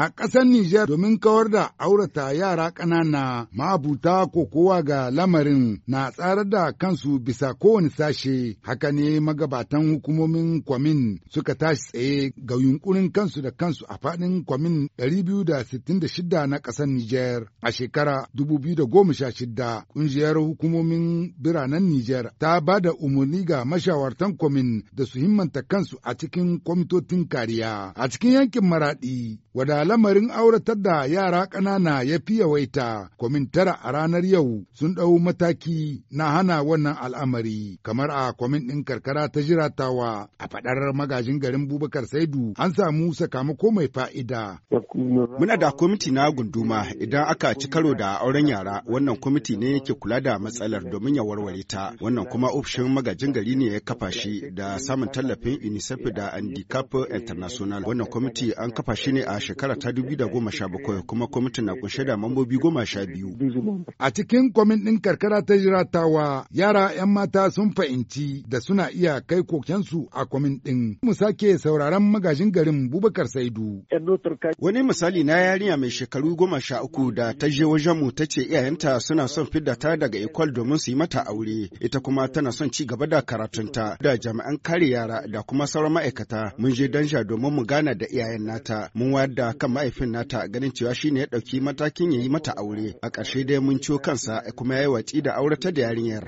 a ƙasar Nijar domin kawar da aurata yara ƙanana mabuta ko kowa ga lamarin na tsara da kansu bisa kowane sashe haka ne magabatan hukumomin kwamin suka tashi tsaye ga yunkurin kansu da kansu a faɗin kwamin 266 na ƙasar Nijar a shekara 2016 ƙungiyar hukumomin biranen Nijar ta ba da umarni ga mashawartan kwamin da su himmanta kansu a cikin kwamitotin kariya a cikin yankin maraɗi wada lamarin auratar da yara ƙanana ya fi yawaita kwamin tara a ranar yau sun ɗau mataki na hana wannan al'amari kamar a kwamin ɗin karkara ta jiratawa a faɗar magajin garin bubakar saidu an samu sakamako mai fa'ida. Muna da kwamiti na gunduma idan aka ci karo da auren yara wannan kwamiti ne yake kula da matsalar domin ya warware ta wannan kuma ofishin magajin gari ne ya kafa shi da samun tallafin UNICEF da Handicap International wannan kwamiti an kafa shi ne a shekara ta da bakwai kuma kwamitin na kunshe da mambobi goma sha biyu. A cikin kwamitin karkara ta jiratawa yara 'yan mata sun fahimci da suna iya kai kokensu a kwamitin. Mu sake sauraron magajin garin Bubakar Saidu. Wani misali na yarinya mai shekaru goma sha uku da ta je wajen mu ta ce iyayenta suna son fidda ta daga ikwal domin su yi mata aure ita kuma tana son ci gaba da karatunta da jami'an kare yara da kuma sauran ma'aikata mun je danja domin mu gana da iyayen nata mun wayar da kan mahaifin nata ganin cewa shi ya ɗauki matakin ya yi mata aure a ƙarshe dai mun ciwo kansa kuma ya yi watsi da aurata da yarinyar.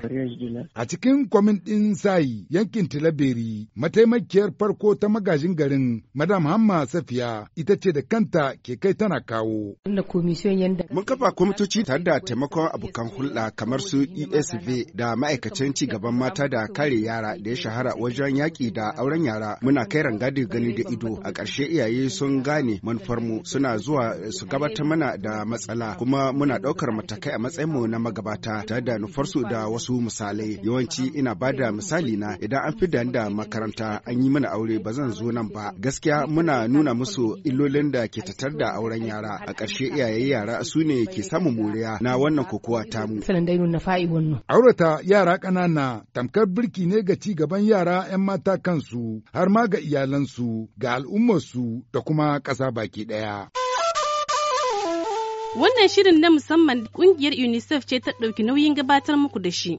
A cikin kwamin ɗin sayi yankin Tilaberi mataimakiyar farko ta magajin garin Madam Hamma Safiya ita ce da kanta ke kai tana kawo. Mun kafa kwamitoci tare da taimakon abokan hulɗa kamar su ESV da ma'aikacin ci gaban mata da kare yara da ya shahara wajen yaƙi da auren yara muna kai rangadin gani da ido a ƙarshe iyaye sun gane manufarmu suna zuwa eh, su gabatar mana da matsala kuma muna ɗaukar matakai a matsayinmu na magabata tare da nufarsu da wasu misalai yawanci ina ba da misali na idan an fi da makaranta an yi mana aure ba zan zo nan ba gaskiya muna nuna musu illolin da ke tattar da auren yara a ƙarshe iyaye yara su ne ke samun moriya na wannan kokowa tamu. Aurata yara ƙanana tamkar birki ne ga ci gaban yara 'yan mata kansu har ma ga iyalansu ga al'ummarsu da kuma ƙasa baki ɗaya. Wannan shirin na musamman ƙungiyar UNICEF ce ta ɗauki nauyin gabatar muku da shi.